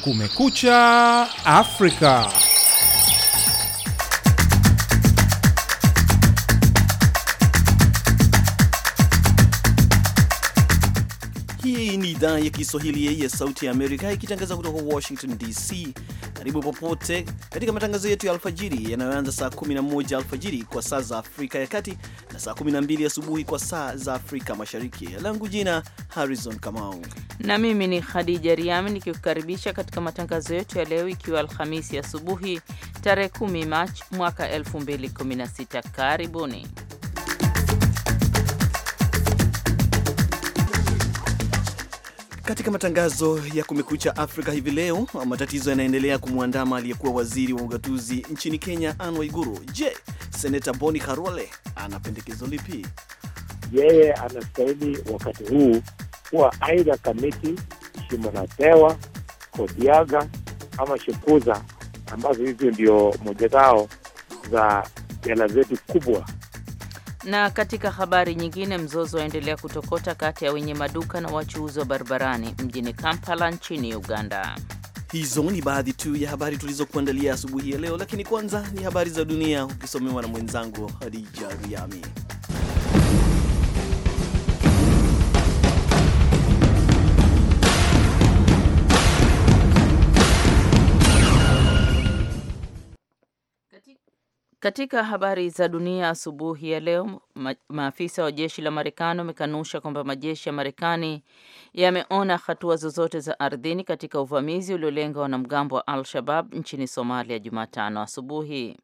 Kumekucha Afrika. Hii ni idhaa ya Kiswahili ya Sauti ya Amerika ikitangaza kutoka Washington DC. Karibu popote katika matangazo yetu ya alfajiri yanayoanza saa 11 alfajiri kwa saa za Afrika ya Kati na saa 12 asubuhi kwa saa za Afrika Mashariki. Langu jina Harrison Kamau na mimi ni Khadija Riami nikikukaribisha katika matangazo yetu ya leo, ikiwa Alhamisi asubuhi tarehe 10 Machi mwaka 2016. Karibuni. Katika matangazo ya Kumekucha Afrika hivi leo, matatizo yanaendelea kumwandama aliyekuwa waziri wa ugatuzi nchini Kenya, Anne Waiguru. Je, seneta Boni Karole ana pendekezo lipi? Yeye anastahili wakati huu kuwa aidha kamiti Shimanatewa, Kodiaga ama Shekuza, ambazo hizo ndio moja zao za jela zetu kubwa na katika habari nyingine, mzozo waendelea kutokota kati ya wenye maduka na wachuuzi wa barabarani mjini Kampala nchini Uganda. Hizo ni baadhi tu ya habari tulizokuandalia asubuhi ya leo, lakini kwanza ni habari za dunia ukisomewa na mwenzangu Hadija Riami. Katika habari za dunia asubuhi ya leo, maafisa wa jeshi la Marekani wamekanusha kwamba majeshi ya Marekani yameona hatua zozote za ardhini katika uvamizi uliolenga wanamgambo wa Al-Shabab nchini Somalia Jumatano asubuhi.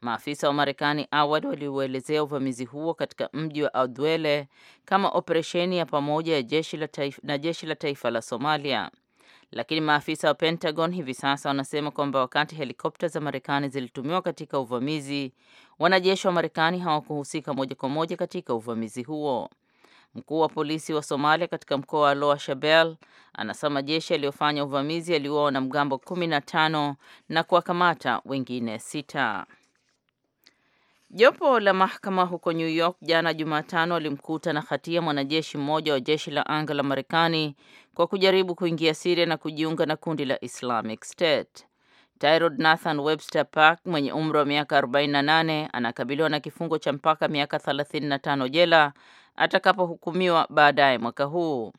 Maafisa wa Marekani awali waliuelezea uvamizi huo katika mji wa Adwele kama operesheni ya pamoja ya jeshi la taifa, na jeshi la taifa la Somalia lakini maafisa wa Pentagon hivi sasa wanasema kwamba wakati helikopta za Marekani zilitumiwa katika uvamizi, wanajeshi wa Marekani hawakuhusika moja kwa moja katika uvamizi huo. Mkuu wa polisi wa Somalia katika mkoa wa Loa shabel anasema jeshi aliyofanya uvamizi aliua wanamgambo 15 na kuwakamata wengine sita. Jopo la mahakama huko New York jana Jumatano walimkuta na hatia mwanajeshi mmoja wa jeshi la anga la Marekani kwa kujaribu kuingia Siria na kujiunga na kundi la Islamic State. Tyrod Nathan Webster Park mwenye umri wa miaka 48 anakabiliwa na kifungo cha mpaka miaka 35 jela atakapohukumiwa baadaye mwaka huu.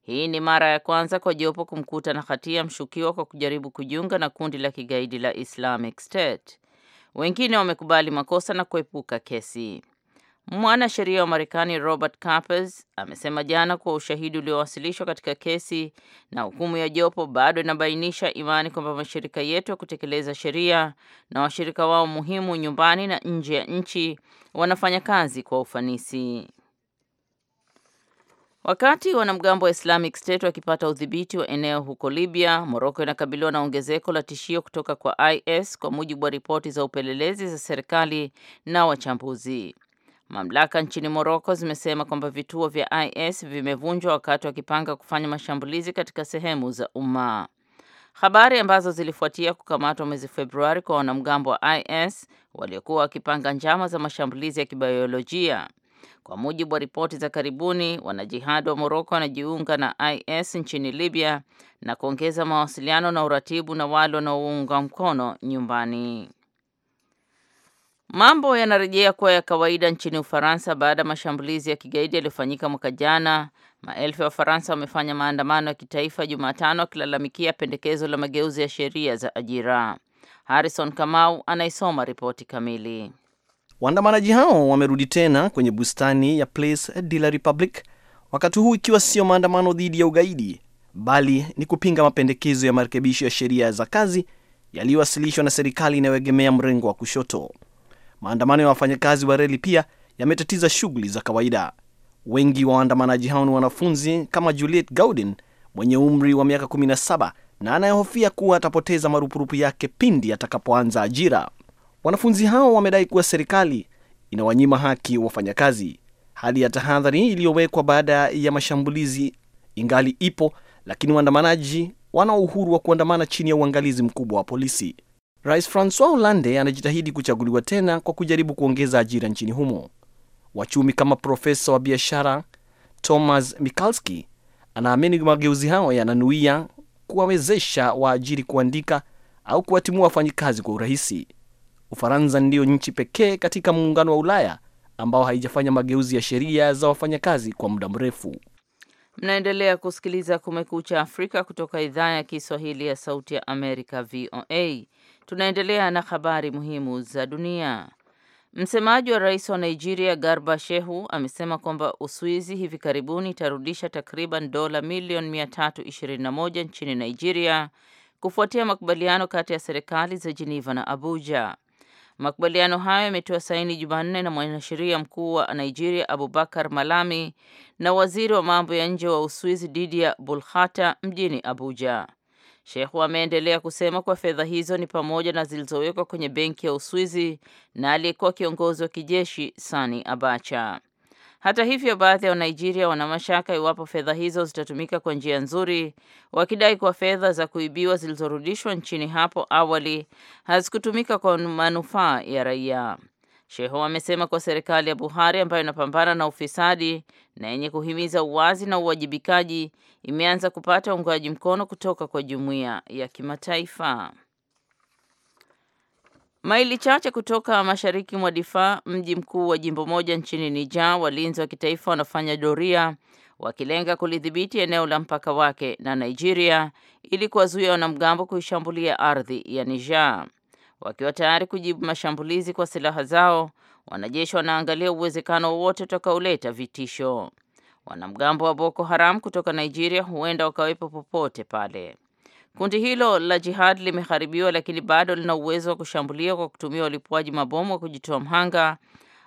Hii ni mara ya kwanza kwa jopo kumkuta na hatia mshukiwa kwa kujaribu kujiunga na kundi la kigaidi la Islamic State. Wengine wamekubali makosa na kuepuka kesi. Mwanasheria wa Marekani Robert Capers amesema jana kuwa ushahidi uliowasilishwa katika kesi na hukumu ya jopo bado inabainisha imani kwamba mashirika yetu ya kutekeleza sheria na washirika wao muhimu nyumbani na nje ya nchi wanafanya kazi kwa ufanisi. Wakati wanamgambo wa Islamic State wakipata udhibiti wa eneo huko Libya, Moroko inakabiliwa na ongezeko la tishio kutoka kwa IS kwa mujibu wa ripoti za upelelezi za serikali na wachambuzi. Mamlaka nchini Moroko zimesema kwamba vituo vya IS vimevunjwa wakati wakipanga kufanya mashambulizi katika sehemu za umma. Habari ambazo zilifuatia kukamatwa mwezi Februari kwa wanamgambo wa IS waliokuwa wakipanga njama za mashambulizi ya kibayolojia. Kwa mujibu wa ripoti za karibuni, wanajihadi wa Moroko wanajiunga na IS nchini Libya na kuongeza mawasiliano na uratibu na wale wanaounga mkono nyumbani. Mambo yanarejea kuwa ya kawaida nchini Ufaransa baada ya mashambulizi ya kigaidi yaliyofanyika mwaka jana. Maelfu ya Wafaransa wamefanya maandamano ya kitaifa Jumatano wakilalamikia pendekezo la mageuzi ya sheria za ajira. Harrison Kamau anaisoma ripoti kamili. Waandamanaji hao wamerudi tena kwenye bustani ya Place de la Republic, wakati huu ikiwa sio maandamano dhidi ya ugaidi, bali ni kupinga mapendekezo ya marekebisho ya sheria za kazi yaliyowasilishwa na serikali inayoegemea mrengo wa kushoto. Maandamano ya wafanyakazi wa reli pia yametatiza shughuli za kawaida. Wengi wa waandamanaji hao ni wanafunzi kama Juliet Gaudin mwenye umri wa miaka 17 na anayehofia kuwa atapoteza marupurupu yake pindi atakapoanza ajira. Wanafunzi hao wamedai kuwa serikali inawanyima haki wafanyakazi. Hali ya tahadhari iliyowekwa baada ya mashambulizi ingali ipo, lakini waandamanaji wana uhuru wa kuandamana chini ya uangalizi mkubwa wa polisi. Rais Francois Hollande anajitahidi kuchaguliwa tena kwa kujaribu kuongeza ajira nchini humo. Wachumi kama profesa wa biashara Thomas Mikalski anaamini mageuzi hayo yananuia kuwawezesha waajiri kuandika au kuwatimua wafanyikazi kwa urahisi. Ufaransa ndiyo nchi pekee katika muungano wa Ulaya ambao haijafanya mageuzi ya sheria za wafanyakazi kwa muda mrefu. Mnaendelea kusikiliza Kumekucha Afrika kutoka idhaa ya Kiswahili ya Sauti ya Amerika, VOA. Tunaendelea na habari muhimu za dunia. Msemaji wa rais wa Nigeria Garba Shehu amesema kwamba Uswizi hivi karibuni itarudisha takriban dola milioni 321 nchini Nigeria kufuatia makubaliano kati ya serikali za jeneva na Abuja. Makubaliano hayo yametiwa saini Jumanne na mwanasheria mkuu wa Nigeria Abubakar Malami na waziri wa mambo ya nje wa Uswizi Didier bulhata mjini Abuja. Shehu ameendelea kusema kuwa fedha hizo ni pamoja na zilizowekwa kwenye benki ya Uswizi na aliyekuwa kiongozi wa kijeshi Sani Abacha. Hata hivyo, baadhi ya Wanigeria wana mashaka iwapo fedha hizo zitatumika kwa njia nzuri, wakidai kuwa fedha za kuibiwa zilizorudishwa nchini hapo awali hazikutumika kwa manufaa ya raia. Sheho amesema kuwa serikali ya Buhari ambayo inapambana na ufisadi na yenye kuhimiza uwazi na uwajibikaji imeanza kupata uungaji mkono kutoka kwa jumuiya ya kimataifa. Maili chache kutoka mashariki mwa Difaa, mji mkuu wa jimbo moja nchini Niger, walinzi wa kitaifa wanafanya doria wakilenga kulidhibiti eneo la mpaka wake na Nigeria ili kuwazuia wanamgambo kuishambulia ardhi ya Niger. Wakiwa tayari kujibu mashambulizi kwa silaha zao, wanajeshi wanaangalia uwezekano wowote utakaoleta vitisho. Wanamgambo wa Boko Haram kutoka Nigeria huenda wakawepo popote pale. Kundi hilo la jihad limeharibiwa, lakini bado lina uwezo wa kushambulia kwa kutumia walipuaji mabomu wa kujitoa mhanga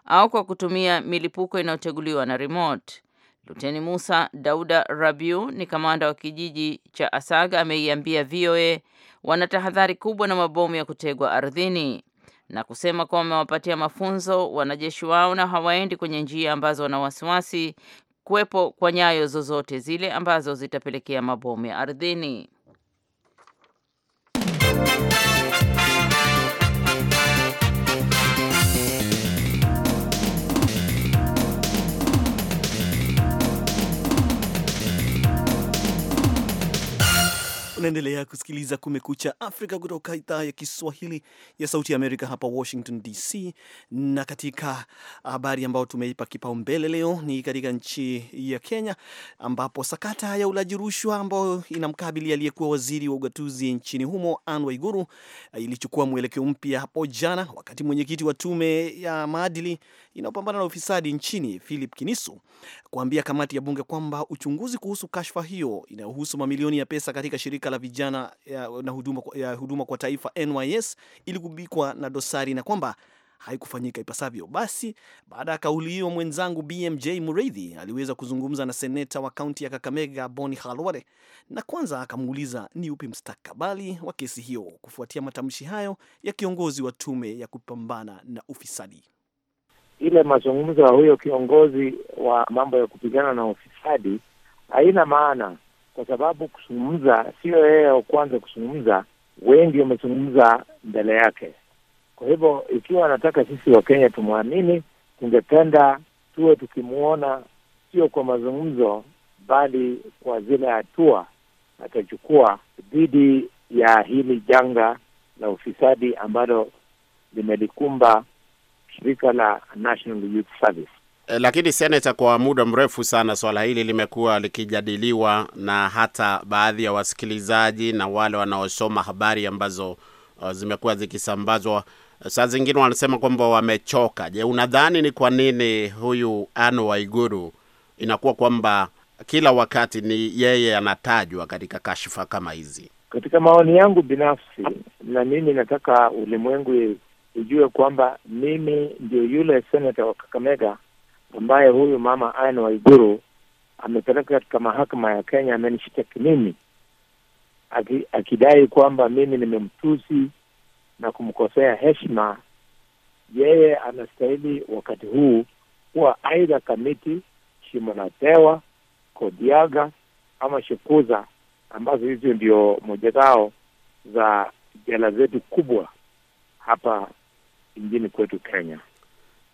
au kwa kutumia milipuko inayoteguliwa na remote. Luteni Musa Dauda Rabiu ni kamanda wa kijiji cha Asaga, ameiambia VOA wana tahadhari kubwa na mabomu ya kutegwa ardhini na kusema kuwa wamewapatia mafunzo wanajeshi wao na hawaendi kwenye njia ambazo wana wasiwasi kuwepo kwa nyayo zozote zile ambazo zitapelekea mabomu ya ardhini. Thank you Unaendelea kusikiliza Kumekucha Afrika kutoka idhaa ya Kiswahili ya Sauti ya Amerika hapa Washington DC. Na katika habari ambayo tumeipa kipaumbele leo ni katika nchi ya Kenya, ambapo sakata ya ulaji rushwa ambayo inamkabili aliyekuwa waziri wa ugatuzi nchini humo Anne Waiguru ilichukua mwelekeo mpya hapo jana, wakati mwenyekiti wa tume ya maadili inayopambana na ufisadi nchini Philip Kinisu kuambia kamati ya bunge kwamba uchunguzi kuhusu kashfa hiyo inayohusu mamilioni ya pesa katika shirika la vijana ya, na huduma, ya huduma kwa taifa NYS iligubikwa na dosari na kwamba haikufanyika ipasavyo. Basi baada ya kauli hiyo, mwenzangu BMJ Mureithi aliweza kuzungumza na seneta wa kaunti ya Kakamega Boni Halware, na kwanza akamuuliza ni upi mstakabali wa kesi hiyo kufuatia matamshi hayo ya kiongozi wa tume ya kupambana na ufisadi ile mazungumzo ya huyo kiongozi wa mambo ya kupigana na ufisadi haina maana, kwa sababu kuzungumza sio yeye wa kwanza kuzungumza, wengi wamezungumza mbele yake. Kwa hivyo ikiwa anataka sisi Wakenya tumwamini, tungependa tuwe tukimwona sio kwa mazungumzo, bali kwa zile hatua atachukua dhidi ya hili janga la ufisadi ambalo limelikumba shirika la National Youth Service. Eh, lakini seneta, kwa muda mrefu sana swala hili limekuwa likijadiliwa na hata baadhi ya wasikilizaji na wale wanaosoma habari ambazo eh, zimekuwa zikisambazwa, saa zingine wanasema kwamba wamechoka. Je, unadhani ni kwa nini huyu Anne Waiguru inakuwa kwamba kila wakati ni yeye anatajwa katika kashfa kama hizi? Katika maoni yangu binafsi, na mimi nataka ulimwengu ujue kwamba mimi ndio yule senata wa Kakamega ambaye huyu mama Anne Waiguru amepeleka katika mahakama ya Kenya, amenishitaki mimi aki, akidai kwamba mimi nimemtusi na kumkosea heshima. Yeye anastahili wakati huu kuwa aidha Kamiti, Shimo la Tewa, Kodiaga ama shukuza ambazo hizo ndio moja zao za jela zetu kubwa hapa nchini kwetu Kenya.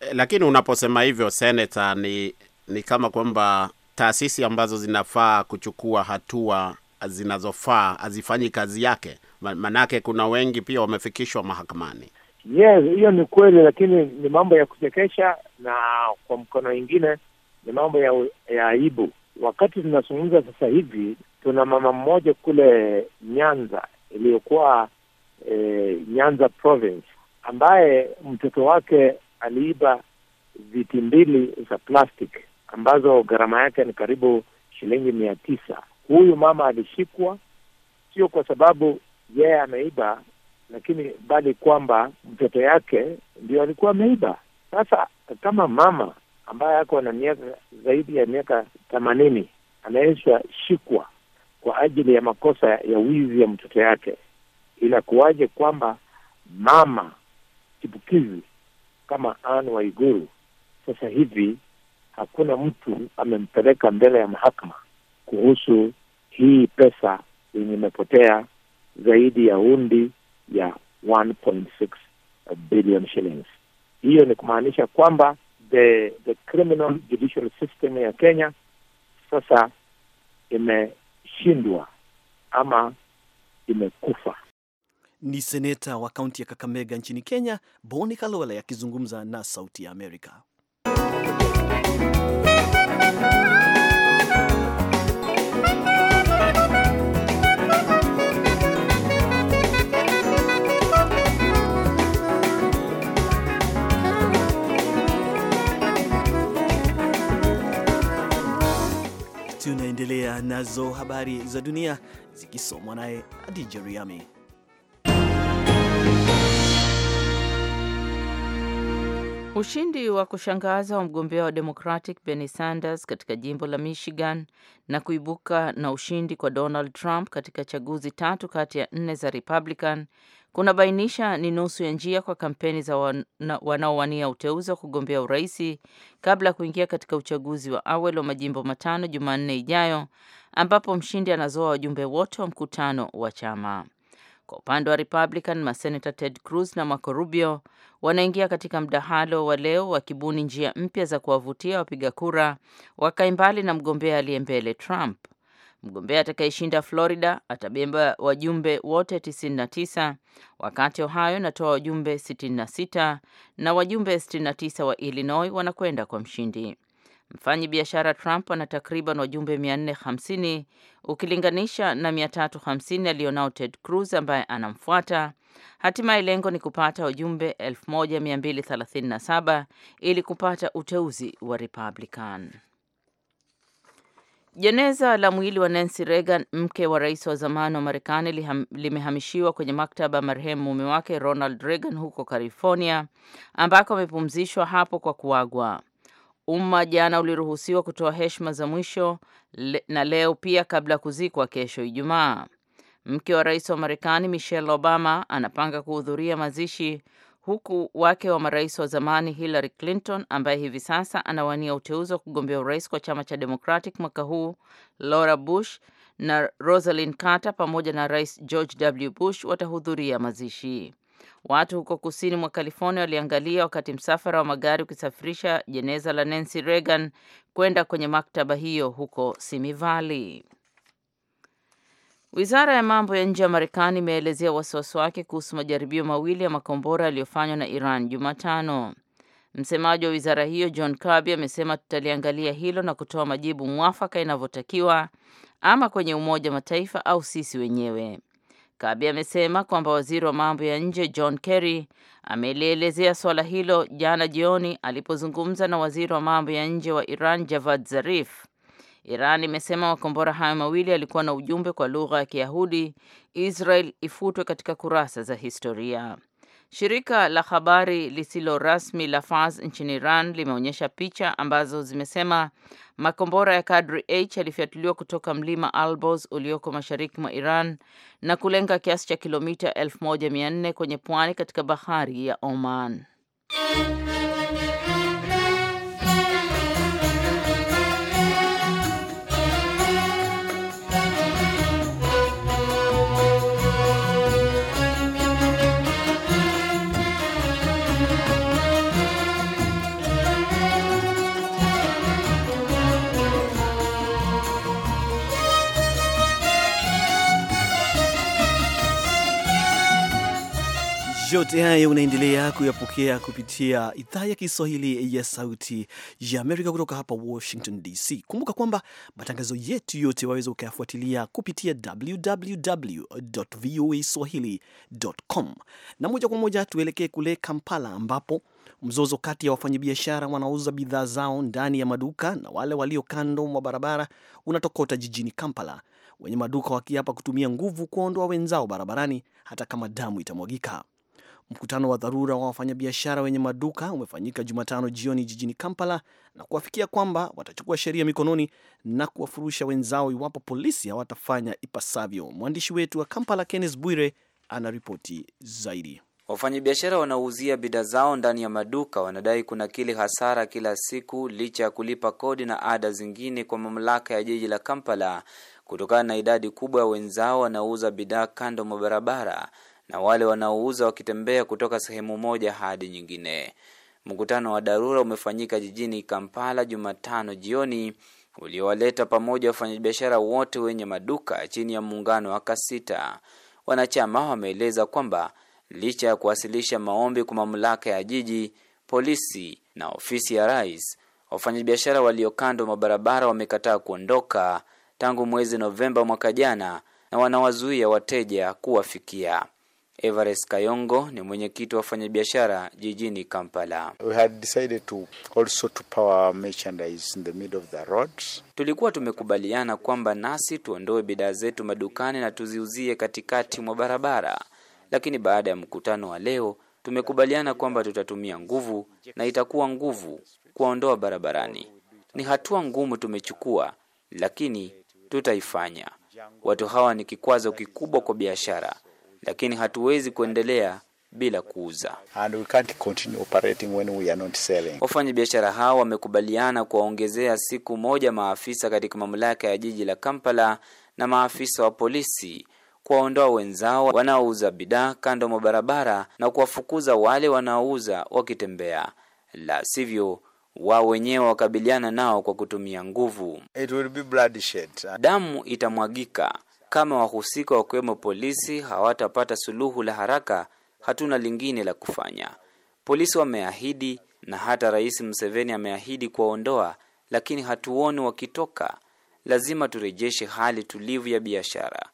Eh, lakini unaposema hivyo Senator, ni ni kama kwamba taasisi ambazo zinafaa kuchukua hatua zinazofaa hazifanyi kazi yake, manake kuna wengi pia wamefikishwa mahakamani. Yes, hiyo ni kweli, lakini ni mambo ya kuchekesha, na kwa mkono mwingine ni mambo ya, ya aibu. Wakati tunazungumza sasa hivi, tuna mama mmoja kule Nyanza iliyokuwa eh, Nyanza province ambaye mtoto wake aliiba viti mbili za plastic ambazo gharama yake ni karibu shilingi mia tisa. Huyu mama alishikwa sio kwa sababu yeye yeah, ameiba, lakini bali kwamba mtoto yake ndio alikuwa ameiba. Sasa kama mama ambaye ako na miaka zaidi ya miaka themanini anaweza shikwa kwa ajili ya makosa ya wizi ya mtoto yake, inakuwaje kwamba mama chipukizi kama Anne Waiguru, sasa hivi hakuna mtu amempeleka mbele ya mahakama kuhusu hii pesa yenye imepotea zaidi ya undi ya 1.6 billion shillings. Hiyo ni kumaanisha kwamba the the criminal judicial system ya Kenya sasa imeshindwa ama imekufa. Ni seneta wa kaunti ya Kakamega nchini Kenya, Boni Kalole akizungumza na Sauti ya Amerika. Tunaendelea nazo habari za dunia zikisomwa naye adijeriami Ushindi wa kushangaza wa mgombea wa Democratic Bernie Sanders katika jimbo la Michigan na kuibuka na ushindi kwa Donald Trump katika chaguzi tatu kati ya nne za Republican kunabainisha ni nusu ya njia kwa kampeni za wanaowania uteuzi wa kugombea uraisi kabla ya kuingia katika uchaguzi wa awali wa majimbo matano Jumanne ijayo ambapo mshindi anazoa wajumbe wote wa mkutano wa chama. Kwa upande wa Republican, masenata Ted Cruz na Marco Rubio wanaingia katika mdahalo wa leo wakibuni njia mpya za kuwavutia wapiga kura wakae mbali na mgombea aliye mbele Trump. Mgombea atakayeshinda Florida atabeba wajumbe wote 99 wakati Ohio inatoa wajumbe 66 na wajumbe 69 wa Illinois wanakwenda kwa mshindi. Mfanyi biashara Trump ana takriban wajumbe 450 ukilinganisha na 350 aliyonao Ted Cruz ambaye anamfuata. Hatimaye lengo ni kupata wajumbe 1237 ili kupata uteuzi wa Republican. Jeneza la mwili wa Nancy Reagan, mke wa rais wa zamani wa Marekani, liham, limehamishiwa kwenye maktaba ya marehemu mume wake Ronald Reagan huko California, ambako amepumzishwa hapo kwa kuagwa. Umma jana uliruhusiwa kutoa heshima za mwisho le, na leo pia kabla ya kuzikwa kesho Ijumaa. Mke wa rais wa Marekani Michelle Obama anapanga kuhudhuria mazishi huku wake wa marais wa zamani Hillary Clinton ambaye hivi sasa anawania uteuzi wa kugombea urais kwa chama cha Democratic mwaka huu, Laura Bush na Rosalind Carter pamoja na Rais George W. Bush watahudhuria mazishi. Watu huko kusini mwa California waliangalia wakati msafara wa magari ukisafirisha jeneza la Nancy Reagan kwenda kwenye maktaba hiyo huko Simi Valley. Wizara ya mambo ya nje ya Marekani imeelezea wasiwasi wake kuhusu majaribio mawili ya makombora yaliyofanywa na Iran Jumatano. Msemaji wa wizara hiyo John Kirby amesema tutaliangalia hilo na kutoa majibu mwafaka inavyotakiwa ama kwenye Umoja wa Mataifa au sisi wenyewe. Kabi amesema kwamba waziri wa mambo ya nje John Kerry amelielezea suala hilo jana jioni alipozungumza na waziri wa mambo ya nje wa Iran Javad Zarif. Iran imesema makombora hayo mawili yalikuwa na ujumbe kwa lugha ya Kiyahudi, Israel ifutwe katika kurasa za historia. Shirika la habari lisilo rasmi la Fars nchini Iran limeonyesha picha ambazo zimesema makombora ya kadri H yalifyatuliwa kutoka mlima albos ulioko mashariki mwa Iran na kulenga kiasi cha kilomita 1400 kwenye pwani katika bahari ya Oman. Yote haya unaendelea kuyapokea kupitia idhaa ya Kiswahili ya Sauti ya Amerika kutoka hapa Washington DC. Kumbuka kwamba matangazo yetu yote waweza ukayafuatilia kupitia www voa swahili.com, na moja kwa moja tuelekee kule Kampala ambapo mzozo kati ya wafanyabiashara wanaouza bidhaa zao ndani ya maduka na wale walio kando mwa barabara unatokota jijini Kampala, wenye maduka wakiapa kutumia nguvu kuondoa wenzao barabarani hata kama damu itamwagika. Mkutano wa dharura wa wafanyabiashara wenye maduka umefanyika Jumatano jioni jijini Kampala na kuafikia kwamba watachukua sheria mikononi na kuwafurusha wenzao iwapo polisi hawatafanya ipasavyo. Mwandishi wetu wa Kampala Kenneth Bwire anaripoti zaidi. Wafanyabiashara wanaouzia bidhaa zao ndani ya maduka wanadai kuna kili hasara kila siku licha ya kulipa kodi na ada zingine kwa mamlaka ya jiji la Kampala kutokana na idadi kubwa ya wenzao wanaouza bidhaa kando mwa barabara na wale wanaouza wakitembea kutoka sehemu moja hadi nyingine. Mkutano wa dharura umefanyika jijini Kampala Jumatano jioni uliowaleta pamoja wafanyabiashara wote wenye maduka chini ya muungano wa Kasita. Wanachama wameeleza kwamba licha ya kuwasilisha maombi kwa mamlaka ya jiji, polisi na ofisi ya rais, wafanyabiashara walio kando barabara wamekataa kuondoka tangu mwezi Novemba mwaka jana na wanawazuia wateja kuwafikia. Everest Kayongo ni mwenyekiti wa wafanyabiashara jijini Kampala. We had decided to also to power merchandise in the middle of the road. Tulikuwa tumekubaliana kwamba nasi tuondoe bidhaa zetu madukani na tuziuzie katikati mwa barabara, lakini baada ya mkutano wa leo tumekubaliana kwamba tutatumia nguvu na itakuwa nguvu kuondoa barabarani. Ni hatua ngumu tumechukua, lakini tutaifanya. Watu hawa ni kikwazo kikubwa kwa biashara lakini hatuwezi kuendelea bila kuuza. Wafanyabiashara hao wamekubaliana kuwaongezea siku moja maafisa katika mamlaka ya jiji la Kampala na maafisa wa polisi kuwaondoa wenzao wanaouza bidhaa kando mwa barabara na kuwafukuza wale wanaouza wakitembea, la sivyo wao wenyewe wakabiliana nao kwa kutumia nguvu. It will be bloodshed. Damu itamwagika. Kama wahusika wakiwemo polisi hawatapata suluhu la haraka, hatuna lingine la kufanya. Polisi wameahidi na hata Rais Museveni ameahidi kuwaondoa, lakini hatuoni wakitoka. Lazima turejeshe hali tulivu ya biashara.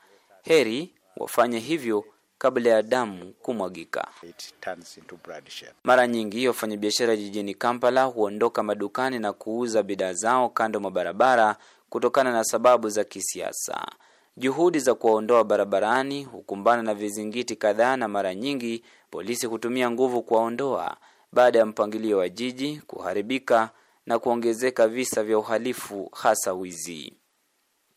Heri wafanye hivyo kabla ya damu kumwagika. Mara nyingi wafanyabiashara jijini Kampala huondoka madukani na kuuza bidhaa zao kando mwa barabara kutokana na sababu za kisiasa. Juhudi za kuwaondoa barabarani hukumbana na vizingiti kadhaa, na mara nyingi polisi hutumia nguvu kuwaondoa baada ya mpangilio wa jiji kuharibika na kuongezeka visa vya uhalifu, hasa wizi.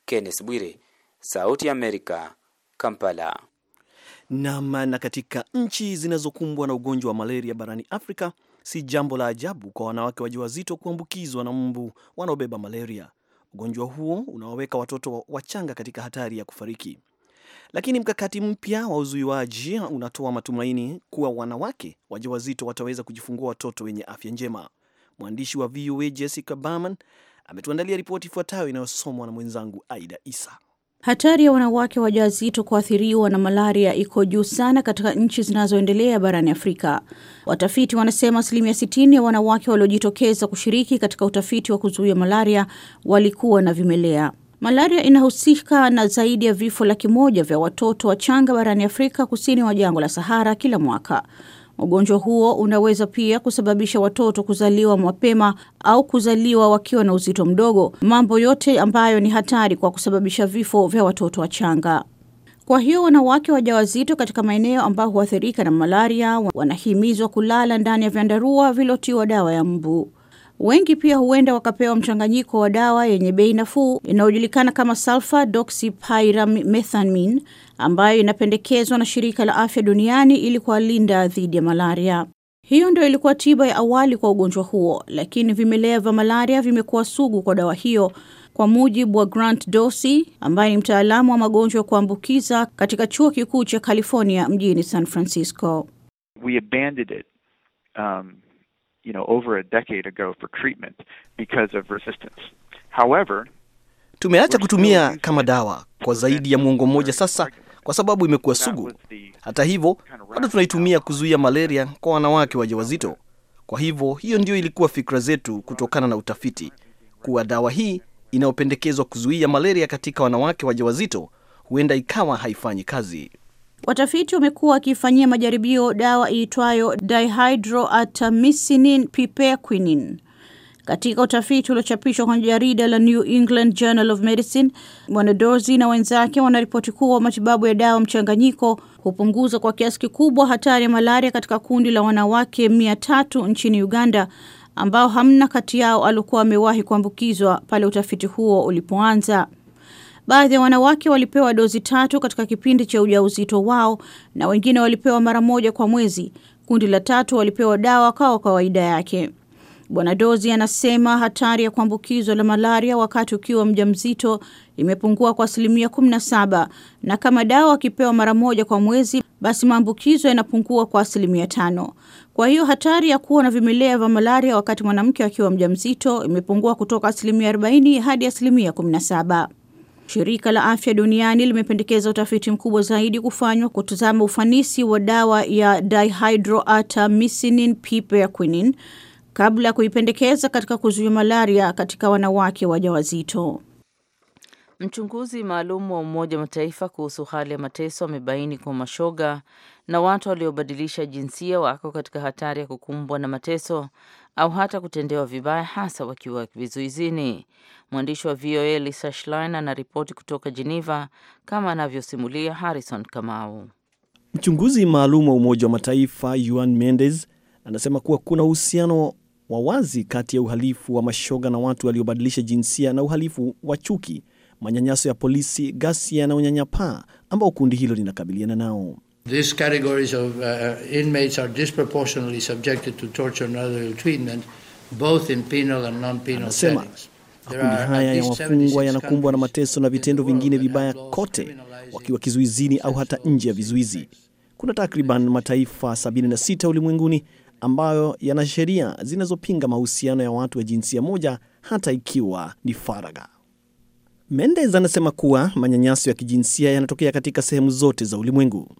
Kenneth Bwire, Sauti ya Amerika, Kampala. Nam. Na katika nchi zinazokumbwa na ugonjwa wa malaria barani Afrika, si jambo la ajabu kwa wanawake wajawazito kuambukizwa na mbu wanaobeba malaria. Ugonjwa huo unawaweka watoto wachanga katika hatari ya kufariki, lakini mkakati mpya wa uzuiwaji unatoa matumaini kuwa wanawake wajawazito wataweza kujifungua watoto wenye afya njema. Mwandishi wa VOA Jessica Berman ametuandalia ripoti ifuatayo inayosomwa na mwenzangu Aida Isa. Hatari ya wanawake wajawazito kuathiriwa na malaria iko juu sana katika nchi zinazoendelea barani Afrika. Watafiti wanasema asilimia 60 ya wanawake waliojitokeza kushiriki katika utafiti wa kuzuia malaria walikuwa na vimelea. Malaria inahusika na zaidi ya vifo laki moja vya watoto wachanga barani Afrika kusini mwa jangwa la Sahara kila mwaka. Ugonjwa huo unaweza pia kusababisha watoto kuzaliwa mapema au kuzaliwa wakiwa na uzito mdogo, mambo yote ambayo ni hatari kwa kusababisha vifo vya watoto wachanga. Kwa hiyo wanawake wajawazito katika maeneo ambayo huathirika na malaria wanahimizwa kulala ndani ya vyandarua vilotiwa dawa ya mbu. Wengi pia huenda wakapewa mchanganyiko wa dawa yenye bei nafuu inayojulikana kama sulfa doxypyrimethamine ambayo inapendekezwa na shirika la afya duniani ili kuwalinda dhidi ya malaria. Hiyo ndio ilikuwa tiba ya awali kwa ugonjwa huo, lakini vimelea vya malaria vimekuwa sugu kwa dawa hiyo, kwa mujibu wa Grant Dosi ambaye ni mtaalamu wa magonjwa ya kuambukiza katika chuo kikuu cha California mjini San Francisco. We abandoned it, um, you know, over a decade ago for treatment because of resistance. However, tumeacha kutumia kama dawa kwa zaidi ya mwongo mmoja sasa kwa sababu imekuwa sugu. Hata hivyo, bado tunaitumia kuzuia malaria kwa wanawake wajawazito. Kwa hivyo, hiyo ndio ilikuwa fikra zetu kutokana na utafiti kuwa dawa hii inayopendekezwa kuzuia malaria katika wanawake wajawazito huenda ikawa haifanyi kazi. Watafiti wamekuwa wakifanyia majaribio dawa iitwayo dihydroartemisinin pipequinin. Katika utafiti uliochapishwa kwenye jarida la New England Journal of Medicine, mwanadozi na wenzake wanaripoti kuwa matibabu ya dawa mchanganyiko hupunguza kwa kiasi kikubwa hatari ya malaria katika kundi la wanawake mia tatu nchini Uganda ambao hamna kati yao aliokuwa amewahi kuambukizwa pale utafiti huo ulipoanza. Baadhi ya wanawake walipewa dozi tatu katika kipindi cha ujauzito wao na wengine walipewa mara moja kwa mwezi. Kundi la tatu walipewa dawa kwa kawaida yake. Bwana Dozi anasema hatari ya kuambukizwa la malaria wakati ukiwa mjamzito imepungua kwa asilimia 17 na kama dawa akipewa mara moja kwa mwezi, basi maambukizo yanapungua kwa asilimia tano. Kwa hiyo hatari ya kuwa na vimelea vya malaria wakati mwanamke akiwa mjamzito imepungua kutoka asilimia 40 hadi asilimia 17. Shirika la Afya Duniani limependekeza utafiti mkubwa zaidi kufanywa kutazama ufanisi wa dawa ya dihydroartemisinin piperquinin kabla ya kuipendekeza katika kuzuia malaria katika wanawake wajawazito. Mchunguzi maalum wa Umoja wa Mataifa kuhusu hali ya mateso amebaini kuwa mashoga na watu waliobadilisha jinsia wako katika hatari ya kukumbwa na mateso au hata kutendewa vibaya, hasa wakiwa vizuizini. Mwandishi wa VOA Lisa Schlein anaripoti kutoka Geneva, kama anavyosimulia Harrison Kamau. Mchunguzi maalum wa Umoja wa Mataifa Juan mendes anasema kuwa kuna uhusiano wa wazi kati ya uhalifu wa mashoga na watu waliobadilisha jinsia na uhalifu wa chuki, manyanyaso ya polisi, ghasia na unyanyapaa ambao kundi hilo linakabiliana nao. These categories of uh, uh, inmates are disproportionately subjected to torture and other treatment, both in penal and non-penal settings. Makundi haya ya wafungwa yanakumbwa na mateso na vitendo vingine vibaya kote wakiwa kizuizini au hata nje ya vizuizi. Kuna takriban mataifa 76 ulimwenguni ambayo yana sheria zinazopinga mahusiano ya watu wa jinsia moja hata ikiwa ni faragha. Mendez anasema kuwa manyanyaso ya kijinsia yanatokea katika sehemu zote za ulimwengu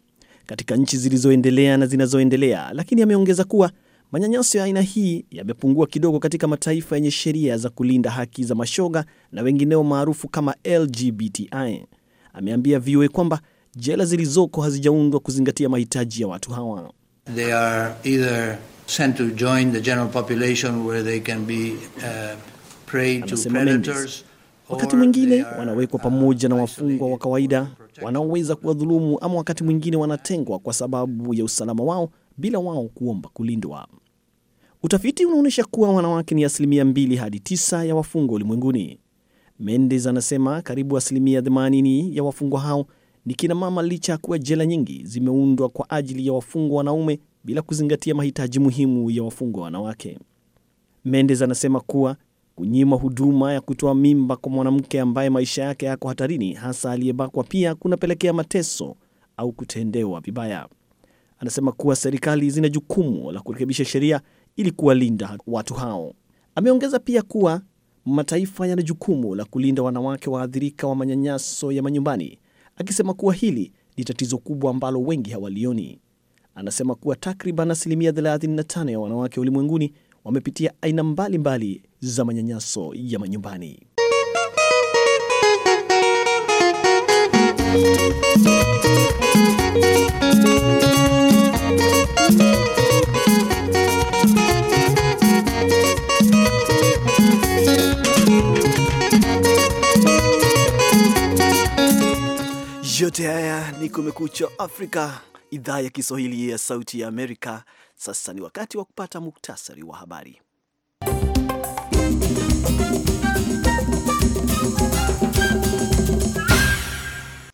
katika nchi zilizoendelea na zinazoendelea, lakini ameongeza kuwa manyanyaso ya aina hii yamepungua kidogo katika mataifa yenye sheria za kulinda haki za mashoga na wengineo maarufu kama LGBTI. Ameambia VOA kwamba jela zilizoko hazijaundwa kuzingatia mahitaji ya watu hawa. They are either sent to join the general population where they can be, uh, prey to predators. Wakati mwingine wanawekwa pamoja na uh, wafungwa wa kawaida wanaoweza kuwadhulumu ama wakati mwingine wanatengwa kwa sababu ya usalama wao bila wao kuomba kulindwa. Utafiti unaonyesha kuwa wanawake ni asilimia 2 hadi 9 ya wafungwa ulimwenguni. Mendes anasema karibu asilimia 80 ya wafungwa hao ni kina mama, licha ya kuwa jela nyingi zimeundwa kwa ajili ya wafungwa wanaume bila kuzingatia mahitaji muhimu ya wafungwa wanawake. Mendes anasema kuwa Kunyima huduma ya kutoa mimba kwa mwanamke ambaye maisha yake yako hatarini, hasa aliyebakwa, pia kunapelekea mateso au kutendewa vibaya. Anasema kuwa serikali zina jukumu la kurekebisha sheria ili kuwalinda watu hao. Ameongeza pia kuwa mataifa yana jukumu la kulinda wanawake waathirika wa manyanyaso ya manyumbani, akisema kuwa hili ni tatizo kubwa ambalo wengi hawalioni. Anasema kuwa takriban asilimia 35 ya wanawake ulimwenguni wamepitia aina mbalimbali mbali za manyanyaso ya manyumbani. Yote haya ni Kumekucha Afrika, idhaa ya Kiswahili ya Sauti ya Amerika sasa ni wakati wa kupata muktasari wa habari.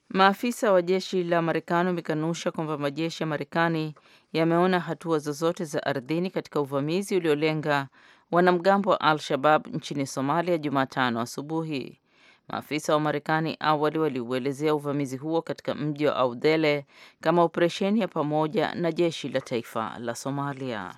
Maafisa wa jeshi la Marekani wamekanusha kwamba majeshi ya Marekani yameona hatua zozote za ardhini katika uvamizi uliolenga wanamgambo wa Al-Shabab nchini Somalia Jumatano asubuhi. Maafisa wa Marekani awali waliuelezea uvamizi huo katika mji wa Audhele kama operesheni ya pamoja na jeshi la taifa la Somalia.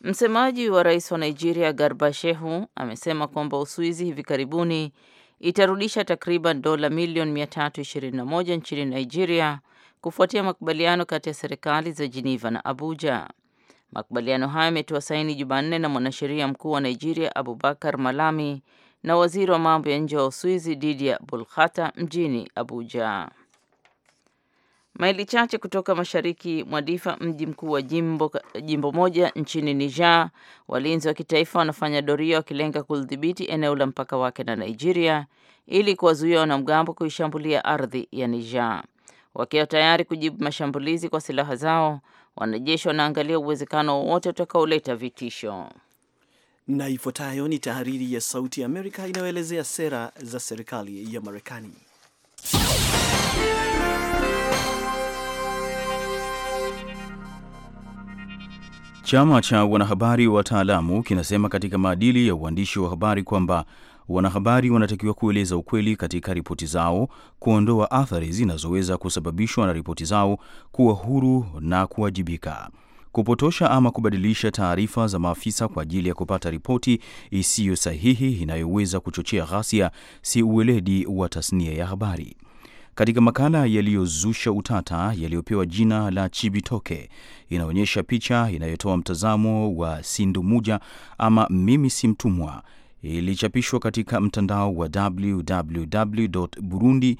Msemaji wa rais wa Nigeria Garba Shehu amesema kwamba Uswizi hivi karibuni itarudisha takriban dola milioni 321 nchini Nigeria kufuatia makubaliano kati ya serikali za Geneva na Abuja. Makubaliano hayo yametiwa saini Jumanne na mwanasheria mkuu wa Nigeria Abubakar Malami na waziri wa mambo ya nje wa Uswizi Didier Bulkhata mjini Abuja. Maili chache kutoka mashariki mwa Difa, mji mkuu wa jimbo, jimbo moja nchini Niger, walinzi wa kitaifa wanafanya doria wakilenga kudhibiti eneo la mpaka wake na Nigeria ili kuwazuia wanamgambo kuishambulia ardhi ya Niger. Wakiwa tayari kujibu mashambulizi kwa silaha zao, wanajeshi wanaangalia uwezekano wowote utakaoleta vitisho na ifuatayo ni tahariri ya Sauti ya Amerika inayoelezea sera za serikali ya Marekani. Chama cha wanahabari wataalamu kinasema katika maadili ya uandishi wa habari kwamba wanahabari wanatakiwa kueleza ukweli katika ripoti zao, kuondoa athari zinazoweza kusababishwa na ripoti zao, kuwa huru na kuwajibika kupotosha ama kubadilisha taarifa za maafisa kwa ajili ya kupata ripoti isiyo sahihi inayoweza kuchochea ghasia si uweledi wa tasnia ya habari. Katika makala yaliyozusha utata yaliyopewa jina la Chibitoke, inaonyesha picha inayotoa mtazamo wa sindumuja ama mimi si mtumwa ilichapishwa katika mtandao wa wwwburundi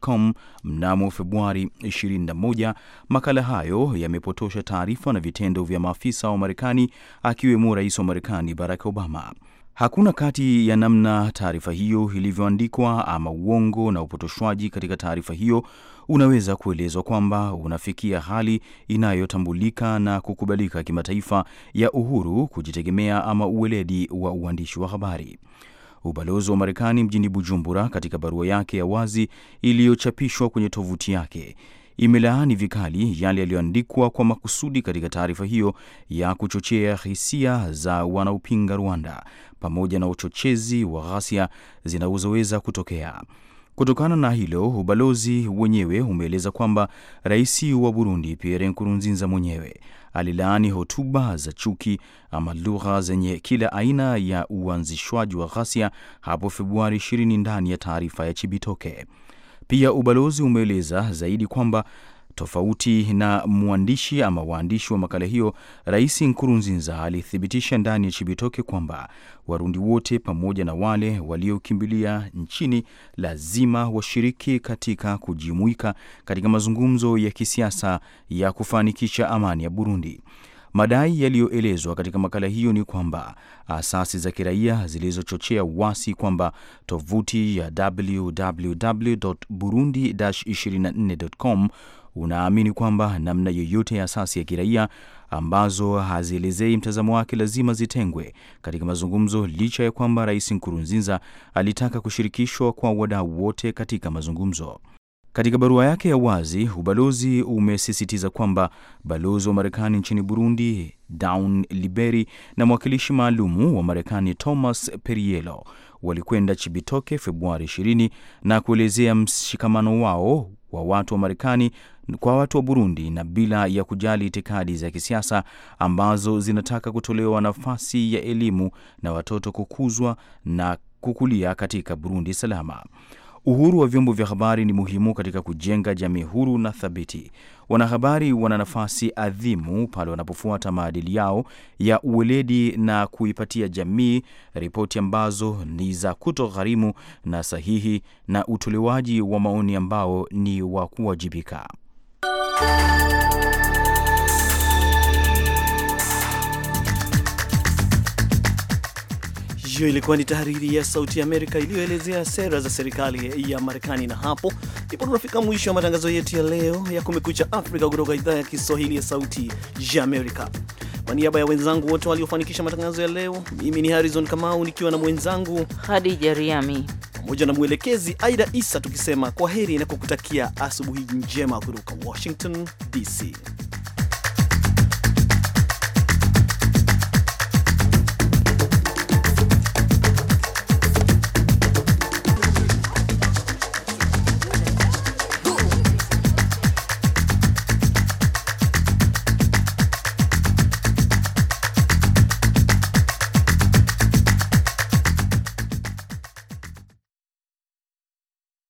com mnamo Februari 21. Makala hayo yamepotosha taarifa na vitendo vya maafisa wa Marekani akiwemo rais wa Marekani Barack Obama. Hakuna kati ya namna taarifa hiyo ilivyoandikwa ama uongo na upotoshwaji katika taarifa hiyo unaweza kuelezwa kwamba unafikia hali inayotambulika na kukubalika kimataifa ya uhuru, kujitegemea ama uweledi wa uandishi wa habari. Ubalozi wa Marekani mjini Bujumbura, katika barua yake ya wazi iliyochapishwa kwenye tovuti yake imelaani vikali yale yaliyoandikwa kwa makusudi katika taarifa hiyo ya kuchochea hisia za wanaopinga Rwanda pamoja na uchochezi wa ghasia zinazoweza kutokea. Kutokana na hilo, ubalozi wenyewe umeeleza kwamba rais wa Burundi Pierre Nkurunziza mwenyewe alilaani hotuba za chuki ama lugha zenye kila aina ya uanzishwaji wa ghasia hapo Februari 20 ndani ya taarifa ya Chibitoke. Pia ubalozi umeeleza zaidi kwamba Tofauti na mwandishi ama waandishi wa makala hiyo, Rais Nkurunziza alithibitisha ndani ya Chibitoke kwamba Warundi wote pamoja na wale waliokimbilia nchini lazima washiriki katika kujimuika katika mazungumzo ya kisiasa ya kufanikisha amani ya Burundi. Madai yaliyoelezwa katika makala hiyo ni kwamba asasi za kiraia zilizochochea uasi, kwamba tovuti ya www.burundi-24.com unaamini kwamba namna yoyote ya asasi ya kiraia ambazo hazielezei mtazamo wake lazima zitengwe katika mazungumzo, licha ya kwamba Rais Nkurunziza alitaka kushirikishwa kwa wadau wote katika mazungumzo. Katika barua yake ya wazi, ubalozi umesisitiza kwamba balozi wa Marekani nchini Burundi Dawn Liberi na mwakilishi maalumu wa Marekani Thomas Perielo walikwenda Chibitoke Februari 20 na kuelezea mshikamano wao wa watu wa Marekani kwa watu wa Burundi na bila ya kujali itikadi za kisiasa ambazo zinataka kutolewa nafasi ya elimu na watoto kukuzwa na kukulia katika Burundi salama. Uhuru wa vyombo vya habari ni muhimu katika kujenga jamii huru na thabiti. Wanahabari wana nafasi adhimu pale wanapofuata maadili yao ya uweledi na kuipatia jamii ripoti ambazo ni za kutogharimu na sahihi na utolewaji wa maoni ambao ni wa kuwajibika. Hiyo ilikuwa ni tahariri ya Sauti ya Amerika iliyoelezea sera za serikali ya Marekani, na hapo ndipo tunafika mwisho wa matangazo yetu ya leo ya Kumekucha Afrika kutoka idhaa ya Kiswahili ya Sauti ya Amerika. Kwa niaba ya wenzangu wote waliofanikisha matangazo ya leo, mimi ni Harrison Kamau nikiwa na mwenzangu Hadija Riami pamoja na mwelekezi Aida Isa, tukisema kwa heri na kukutakia asubuhi njema kutoka Washington DC.